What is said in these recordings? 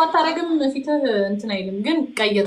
ባታረግም ፊትህ እንትን አይልም፣ ግን ቀይር።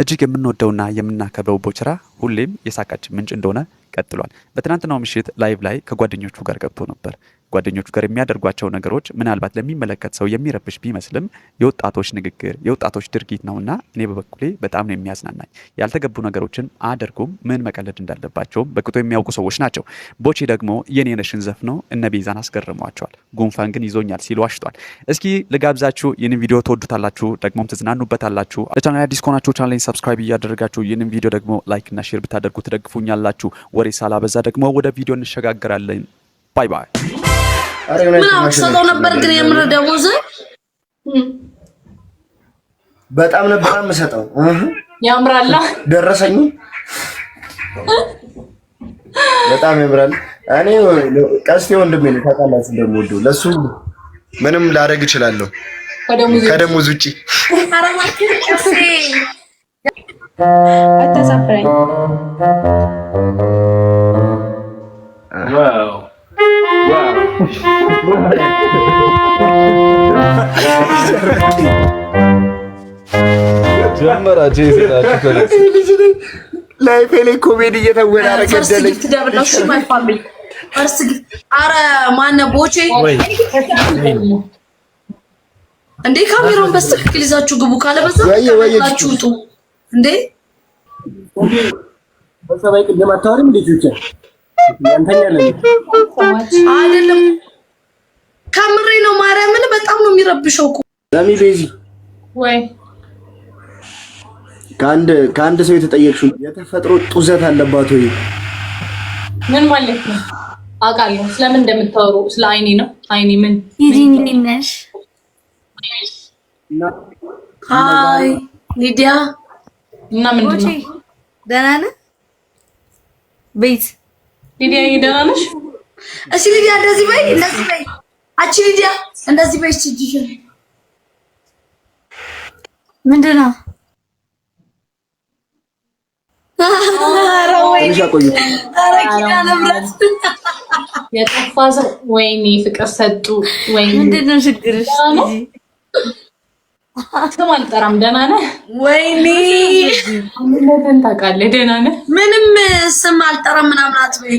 እጅግ የምንወደውና የምናከብረው ቦችራ ሁሌም የሳቃችን ምንጭ እንደሆነ ቀጥሏል። በትናንትናው ምሽት ላይቭ ላይ ከጓደኞቹ ጋር ገብቶ ነበር። ጓደኞቹ ጋር የሚያደርጓቸው ነገሮች ምናልባት ለሚመለከት ሰው የሚረብሽ ቢመስልም የወጣቶች ንግግር የወጣቶች ድርጊት ነውና እኔ በበኩሌ በጣም ነው የሚያዝናናኝ። ያልተገቡ ነገሮችን አደርጉም ምን መቀለድ እንዳለባቸውም በቅጡ የሚያውቁ ሰዎች ናቸው። ቦቼ ደግሞ የኔነሽን ዘፍነው እነ ቤዛን አስገርመዋቸዋል። ጉንፋን ግን ይዞኛል ሲሉ አሽቷል። እስኪ ልጋብዛችሁ። ይህንን ቪዲዮ ተወዱታላችሁ፣ ደግሞም ትዝናኑበታላችሁ። ለቻናል አዲስ ከሆናችሁ ቻናሌን ሰብስክራይብ እያደረጋችሁ ይህንን ቪዲዮ ደግሞ ላይክ እና ሼር ብታደርጉ ትደግፉኛላችሁ። ወሬ ሳላበዛ ደግሞ ወደ ቪዲዮ እንሸጋገራለን። ባይ ባይ። ሰጠው ነበር ግን የምር ደሞዝ በጣም ነበር የምሰጠው። ያምራላ ደረሰኝ በጣም ያምራል። እኔ ቀስቴ ወንድሜ ነው ታውቃላችሁ፣ እንደምወደው ለሱ ምንም ላደርግ እችላለሁ ከደሞዝ ውጪ። አታሳፍረኝ ጀመራችሁ ላይፍ ላይ ኮሜዲ እየተወራረ ገደለኝ። ኧረ ማነው ቦቼ እንዴ ካሜራውን በስትክክል ይዛችሁ ግቡ፣ ካለበዛ ላችሁ ውጡ። እንዴ አይደለም፣ ከምሬ ነው። ማርያምን በጣም ነው የሚረብሸው። ለሚ ቤዚ ወይ ከአንድ ሰው የተጠየቅሽው የተፈጥሮ ጡዘት አለባት ወይ? ምን ማለት ነው? አውቃለሁ። ስለምን እንደምታወሩ ስለ አይኔ ነው። አይኔ ምን ይዲኒነሽ? ሃይ ሊዲያ እና ምንድን ነው? ደህና ነህ? ቤት ሊዲያ ደህና ነሽ? እሺ ሊዲያ እንደዚህ በይ፣ እንደዚህ በይ። አቺ ሊዲያ እንደዚህ በይ። እቺ ጂጂ ምንድን ነው? የጠፋ ሰው ወይኔ ፍቅር ሰጡ። ምንድን ነው ችግርሽ? ስም አልጠራም። ደህና ነህ? ወይኔ ታውቃለህ። ደህና ነህ? ምንም ስም አልጠራም ምናምን አትበይ፣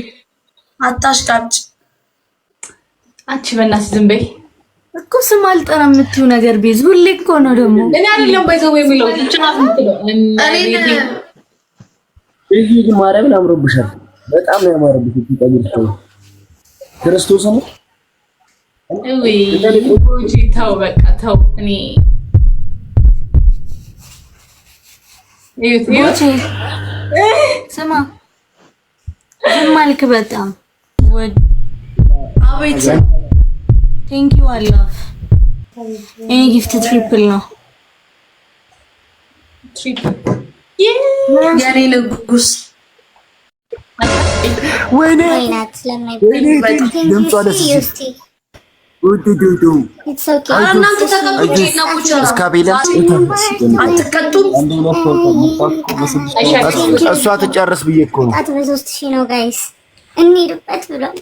አታሽቃብጭ። አንቺ በእናትሽ ዝም በይ። እኮ ስም አልጠራ የምትይው ነገር ቤዝ ሁሌ እኮ ነው ደግሞ እኔ አይደለም ባይዘው የሚለው ይህ ማርያምን አምሮብሻል። በጣም ነው ያማረብሽ። ሰው ክርስቶስ ነው። ተው በቃ ተው። እኔ ስማ ዝም አልክ። በጣም አቤት ቴንክ ዩ አላ እኔ ጊፍት ትሪፕል ነው። የኔ ንጉስ ወይኔ ድምጿ ደስ እሷ ትጨርስ ብዬ ብሏል። ነው።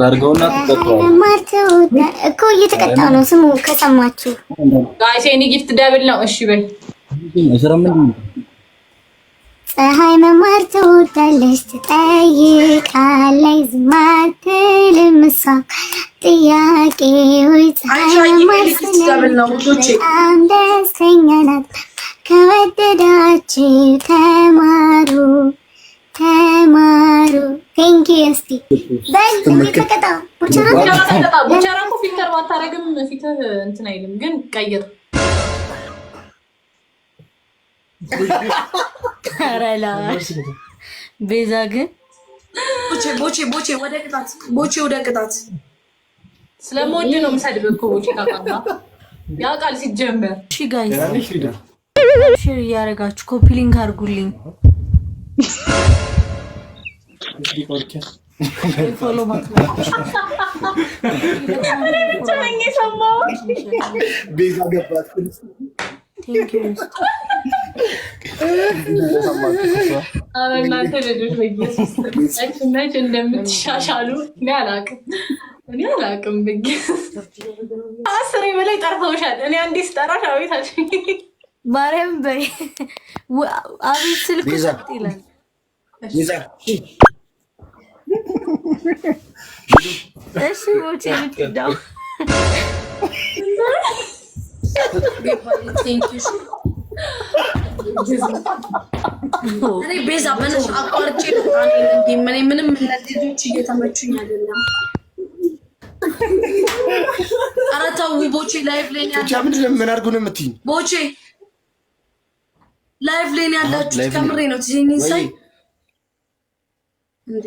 አድርገውና እኮ እየተቀጣሁ ነው። ስሙ ከሰማችሁ ጊፍት ደብል ነው። እሺ በይ ፀሐይ መማር ትወዳለች፣ ትጠይቃለች፣ ዝም አትልም እሷ ጥያቄዎች። ፀሐይ መማር በጣም ደስተኛ ናት። ከወደዳችሁ ተማሩ ቡቸራ እኮ ፊልተር ባታረግም ፊትህ እንትን አይልም፣ ግን ቀይር። ቤዛ ግን ቦቼ ቦቼ ወደ ቅጣት ቦቼ ወደ ቅጣት ስለምወድ ነው እኮ ቦቼ ያ ቃል ሲጀመር እሺ ጋይስ ሼር እያደረጋችሁ ኮፒ ሊንክ አድርጉልኝ ቤዛ ገባት። እንደምትሻሻሉ እኔ አላውቅም፣ እኔ አላውቅም። አስሬ በላይ ጠርተውሻል። እኔ አንዴ ስጠራሽ አቤት አልሽኝ። ማርያም በይ አቤት ስልክ ይላል እሺ ሞቼ የምትሄዳው እኔ ቤዛ በነሽ አቋርጬ ምንም እነዚህ እየተመቹኝ አይደለም። ኧረ ተው ቦቼ፣ ላይፍ ላይ ምን አድርጉ ነው የምትይኝ? ቦቼ ላይፍ ላይ ከምሬ ነው። ትይኝ ሳይ እንዴ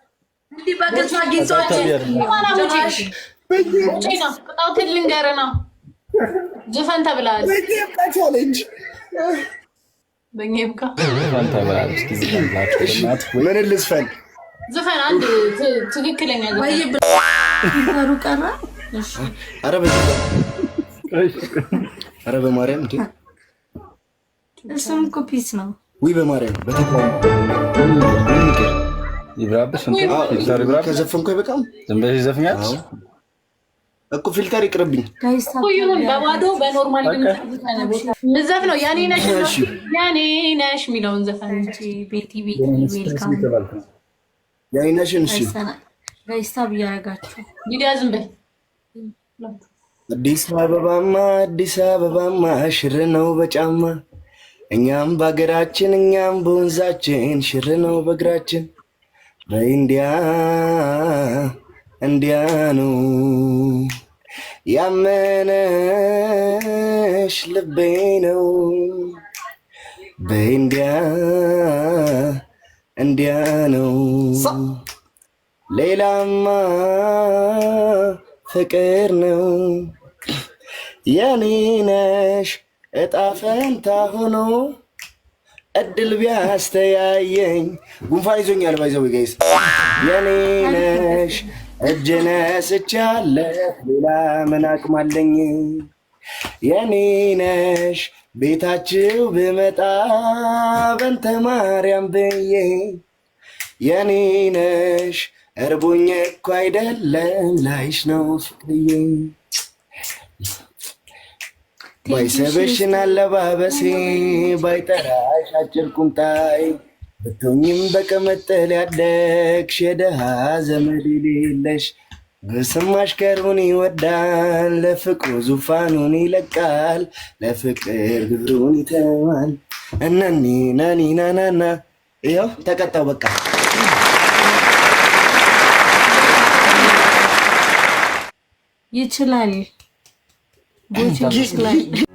እንዲህ በግልጽ አግኝቷችን ዋና ነው። ልንገርህ ነው። ጅፈን ተብለሃል። ምን ልዝፈን? ዝፈን አንድ ትክክለኛ ይሩ በማርያም እንዴ! እሱም እኮ ፒስ ነው። ውይ በማርያም በተቋሙ ይብራብስ ከዘፈንኩ ይበቃል። ዝም ብለሽ እኮ ፊልተር ይቅርብኝ። ሁሉንም በባዶ በኖርማል ነው ያኔ ነሽ የሚለውን ዘፈን ያኔ እሺ ሚዲያ ዝም በይ አዲስ አበባማ አዲስ አበባማ ሽር ነው በጫማ እኛም በሀገራችን እኛም በወንዛችን ሽር ነው በእግራችን በኢንዲያ እንዲያኑ ያመነሽ ልቤ ነው በኢንዲያ እንዲያ ነው ሌላማ ፍቅር ነው የኔ ነሽ እጣ ፈንታ ሆኖ እድል ቢያስተያየኝ ጉንፋን ይዞኛል። ባይዘው ጋይስ የኔ ነሽ እጅ ነስቻለ ሌላ ምን አቅማለኝ የኔ ነሽ ቤታችሁ ብመጣ በንተ ማርያም ብዬ የኔ ነሽ እርቦኝ እኮ አይደለም ላይሽ ነው ፍቅርዬ ባይሰበሽን አለባበሴ ባይጠራሽ አጭር ቁምጣይ ብትሆኝም በቀመጠል ያደግሽ የደሃ ዘመድ ሌለሽ በሰማሽ ከሩን ይወዳል ለፍቅሩ ዙፋኑን ይለቃል ለፍቅር ግብሩን ይተዋል። እናኒ ናኒ ናናና ይኸው ተቀጣው በቃ ይችላል። Buyur, just Gizli.